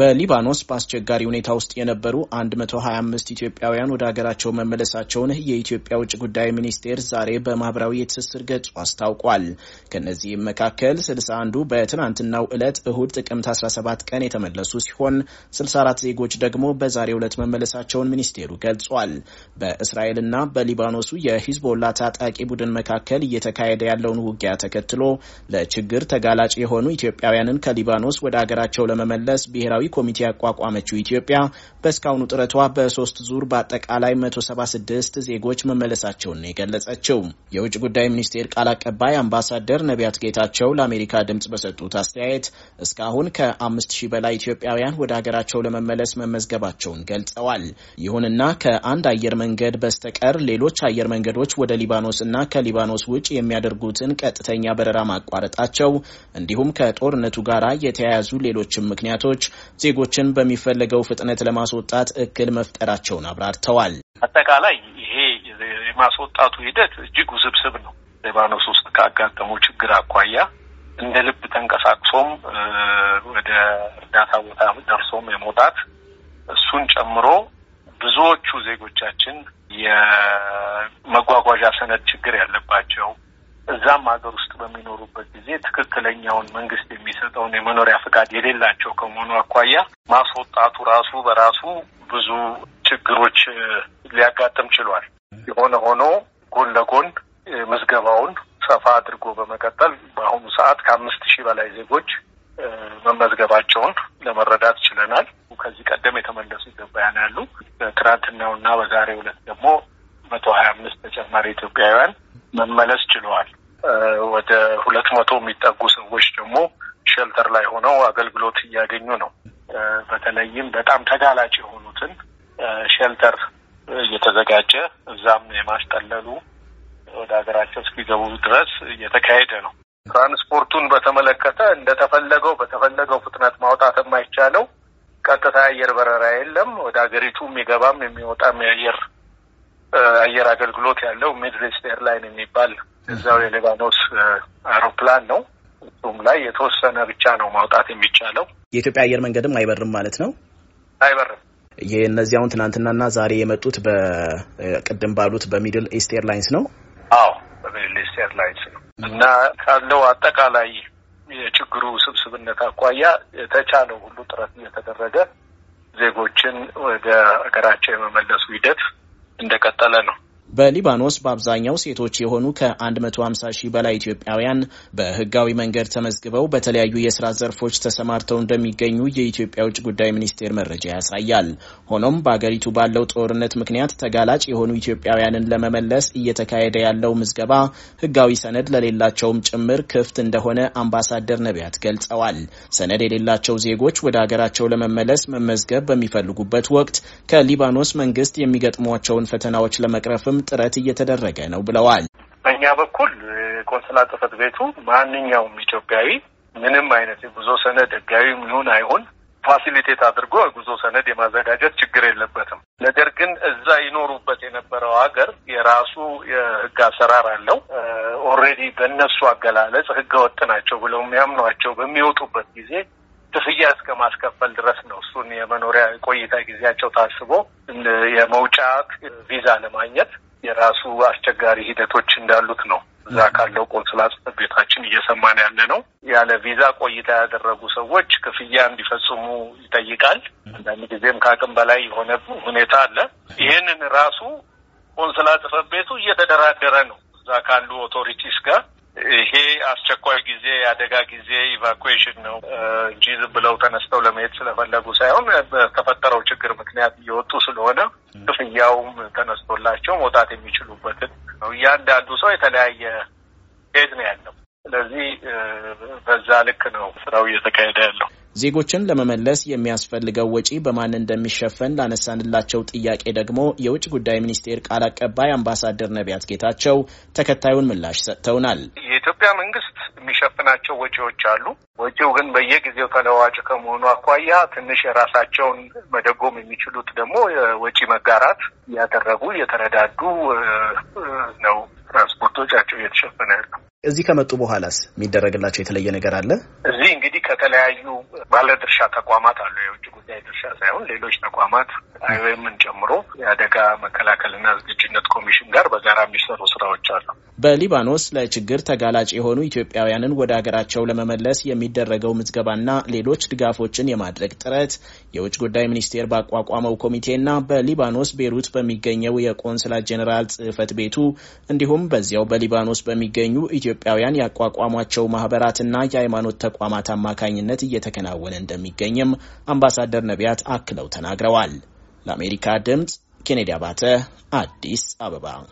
በሊባኖስ በአስቸጋሪ ሁኔታ ውስጥ የነበሩ 125 ኢትዮጵያውያን ወደ ሀገራቸው መመለሳቸውን የኢትዮጵያ ውጭ ጉዳይ ሚኒስቴር ዛሬ በማህበራዊ የትስስር ገጹ አስታውቋል። ከእነዚህም መካከል 61ዱ በትናንትናው ዕለት እሁድ ጥቅምት 17 ቀን የተመለሱ ሲሆን 64 ዜጎች ደግሞ በዛሬ ዕለት መመለሳቸውን ሚኒስቴሩ ገልጿል። በእስራኤልና በሊባኖሱ የሂዝቦላ ታጣቂ ቡድን መካከል እየተካሄደ ያለውን ውጊያ ተከትሎ ለችግር ተጋላጭ የሆኑ ኢትዮጵያውያንን ከሊባኖስ ወደ ሀገራቸው ለመመለስ ብሔራዊ ኮሚቴ ያቋቋመችው ኢትዮጵያ በእስካሁኑ ጥረቷ በሶስት ዙር በአጠቃላይ 176 ዜጎች መመለሳቸውን የገለጸችው። የውጭ ጉዳይ ሚኒስቴር ቃል አቀባይ አምባሳደር ነቢያት ጌታቸው ለአሜሪካ ድምጽ በሰጡት አስተያየት እስካሁን ከአምስት ሺህ በላይ ኢትዮጵያውያን ወደ ሀገራቸው ለመመለስ መመዝገባቸውን ገልጸዋል። ይሁንና ከአንድ አየር መንገድ በስተቀር ሌሎች አየር መንገዶች ወደ ሊባኖስ እና ከሊባኖስ ውጭ የሚያደርጉትን ቀጥተኛ በረራ ማቋረጣቸው እንዲሁም ከጦርነቱ ጋር የተያያዙ ሌሎችም ምክንያቶች ዜጎችን በሚፈለገው ፍጥነት ለማስወጣት እክል መፍጠራቸውን አብራርተዋል። አጠቃላይ ይሄ የማስወጣቱ ሂደት እጅግ ውስብስብ ነው። ሊባኖስ ውስጥ ካጋጠመው ችግር አኳያ እንደ ልብ ተንቀሳቅሶም ወደ እርዳታ ቦታ ደርሶም የመውጣት እሱን ጨምሮ ብዙዎቹ ዜጎቻችን የመጓጓዣ ሰነድ ችግር ያለባቸው እዛም ሀገር ውስጥ በሚኖሩበት ጊዜ ትክክለኛውን መንግስት የሚሰጠውን የመኖሪያ ፈቃድ የሌላቸው ከመሆኑ አኳያ ማስወጣቱ ራሱ በራሱ ብዙ ችግሮች ሊያጋጥም ችሏል። የሆነ ሆኖ ጎን ለጎን ምዝገባውን ሰፋ አድርጎ በመቀጠል በአሁኑ ሰዓት ከአምስት ሺህ በላይ ዜጎች መመዝገባቸውን ለመረዳት ችለናል። ከዚህ ቀደም የተመለሱ ኢትዮጵያውያን ያሉ ትናንትናውና በዛሬው ዕለት ደግሞ መቶ ሀያ አምስት ተጨማሪ ኢትዮጵያውያን መመለስ ችለዋል። ሁለት መቶ የሚጠጉ ሰዎች ደግሞ ሸልተር ላይ ሆነው አገልግሎት እያገኙ ነው። በተለይም በጣም ተጋላጭ የሆኑትን ሸልተር እየተዘጋጀ እዛም የማስጠለሉ ወደ ሀገራቸው እስኪገቡ ድረስ እየተካሄደ ነው። ትራንስፖርቱን በተመለከተ እንደተፈለገው በተፈለገው ፍጥነት ማውጣት የማይቻለው ቀጥታ አየር በረራ የለም። ወደ ሀገሪቱ የሚገባም የሚወጣም የአየር አየር አገልግሎት ያለው ሚድዌስት ኤርላይን የሚባል እዛው የሊባኖስ አውሮፕላን ነው። እሱም ላይ የተወሰነ ብቻ ነው ማውጣት የሚቻለው። የኢትዮጵያ አየር መንገድም አይበርም ማለት ነው። አይበርም። የእነዚያውን ትናንትናና ዛሬ የመጡት በቅድም ባሉት በሚድል ኢስት ኤርላይንስ ነው። አዎ በሚድል ኢስት ኤርላይንስ ነው እና ካለው አጠቃላይ የችግሩ ስብስብነት አኳያ የተቻለው ሁሉ ጥረት እየተደረገ ዜጎችን ወደ ሀገራቸው የመመለሱ ሂደት እንደቀጠለ ነው። በሊባኖስ በአብዛኛው ሴቶች የሆኑ ከ150 ሺህ በላይ ኢትዮጵያውያን በህጋዊ መንገድ ተመዝግበው በተለያዩ የስራ ዘርፎች ተሰማርተው እንደሚገኙ የኢትዮጵያ ውጭ ጉዳይ ሚኒስቴር መረጃ ያሳያል። ሆኖም በአገሪቱ ባለው ጦርነት ምክንያት ተጋላጭ የሆኑ ኢትዮጵያውያንን ለመመለስ እየተካሄደ ያለው ምዝገባ ህጋዊ ሰነድ ለሌላቸውም ጭምር ክፍት እንደሆነ አምባሳደር ነቢያት ገልጸዋል። ሰነድ የሌላቸው ዜጎች ወደ አገራቸው ለመመለስ መመዝገብ በሚፈልጉበት ወቅት ከሊባኖስ መንግስት የሚገጥሟቸውን ፈተናዎች ለመቅረፍም ጥረት እየተደረገ ነው ብለዋል። በእኛ በኩል ቆንስላ ጽሕፈት ቤቱ ማንኛውም ኢትዮጵያዊ ምንም አይነት የጉዞ ሰነድ ሕጋዊም ይሁን አይሁን ፋሲሊቴት አድርጎ የጉዞ ሰነድ የማዘጋጀት ችግር የለበትም። ነገር ግን እዛ ይኖሩበት የነበረው ሀገር የራሱ የህግ አሰራር አለው። ኦልሬዲ በእነሱ አገላለጽ ህገ ወጥ ናቸው ብለው የሚያምኗቸው በሚወጡበት ጊዜ ክፍያ እስከ ማስከፈል ድረስ ነው። እሱን የመኖሪያ ቆይታ ጊዜያቸው ታስቦ የመውጫ ቪዛ ለማግኘት የራሱ አስቸጋሪ ሂደቶች እንዳሉት ነው። እዛ ካለው ቆንስላ ጽህፈት ቤታችን እየሰማን ያለ ነው። ያለ ቪዛ ቆይታ ያደረጉ ሰዎች ክፍያ እንዲፈጽሙ ይጠይቃል። አንዳንድ ጊዜም ከአቅም በላይ የሆነ ሁኔታ አለ። ይህንን ራሱ ቆንስላ ጽህፈት ቤቱ እየተደራደረ ነው እዛ ካሉ ኦቶሪቲስ ጋር ይሄ አስቸኳይ ጊዜ የአደጋ ጊዜ ኢቫኩዌሽን ነው እንጂ ዝም ብለው ተነስተው ለመሄድ ስለፈለጉ ሳይሆን በተፈጠረው ችግር ምክንያት እየወጡ ስለሆነ ክፍያውም ተነስቶላቸው መውጣት የሚችሉበትን ነው። እያንዳንዱ ሰው የተለያየ ሄድ ነው ያለው። ስለዚህ በዛ ልክ ነው ስራው እየተካሄደ ያለው። ዜጎችን ለመመለስ የሚያስፈልገው ወጪ በማን እንደሚሸፈን ላነሳንላቸው ጥያቄ ደግሞ የውጭ ጉዳይ ሚኒስቴር ቃል አቀባይ አምባሳደር ነቢያት ጌታቸው ተከታዩን ምላሽ ሰጥተውናል። የኢትዮጵያ መንግስት የሚሸፍናቸው ወጪዎች አሉ። ወጪው ግን በየጊዜው ተለዋጭ ከመሆኑ አኳያ ትንሽ የራሳቸውን መደጎም የሚችሉት ደግሞ የወጪ መጋራት እያደረጉ እየተረዳዱ ነው። ትራንስፖርቶቻቸው እየተሸፈነ ያለው እዚህ ከመጡ በኋላስ የሚደረግላቸው የተለየ ነገር አለ? ከተለያዩ ባለድርሻ ተቋማት አሉ። የውጭ ጉዳይ ድርሻ ሳይሆን ሌሎች ተቋማት አይወምን ጨምሮ የአደጋ መከላከልና ዝግጁነት ኮሚሽን ጋር በጋራ የሚሰሩ ስራዎች አሉ። በሊባኖስ ለችግር ተጋላጭ የሆኑ ኢትዮጵያውያንን ወደ ሀገራቸው ለመመለስ የሚደረገው ምዝገባና ሌሎች ድጋፎችን የማድረግ ጥረት የውጭ ጉዳይ ሚኒስቴር ባቋቋመው ኮሚቴና በሊባኖስ ቤሩት በሚገኘው የቆንስላ ጄኔራል ጽህፈት ቤቱ እንዲሁም በዚያው በሊባኖስ በሚገኙ ኢትዮጵያውያን ያቋቋሟቸው ማህበራትና የሃይማኖት ተቋማት አማካኝነት እየተከናወነ እንደሚገኝም አምባሳደር ነቢያት አክለው ተናግረዋል። ለአሜሪካ ድምፅ ኬኔዲ አባተ አዲስ አበባ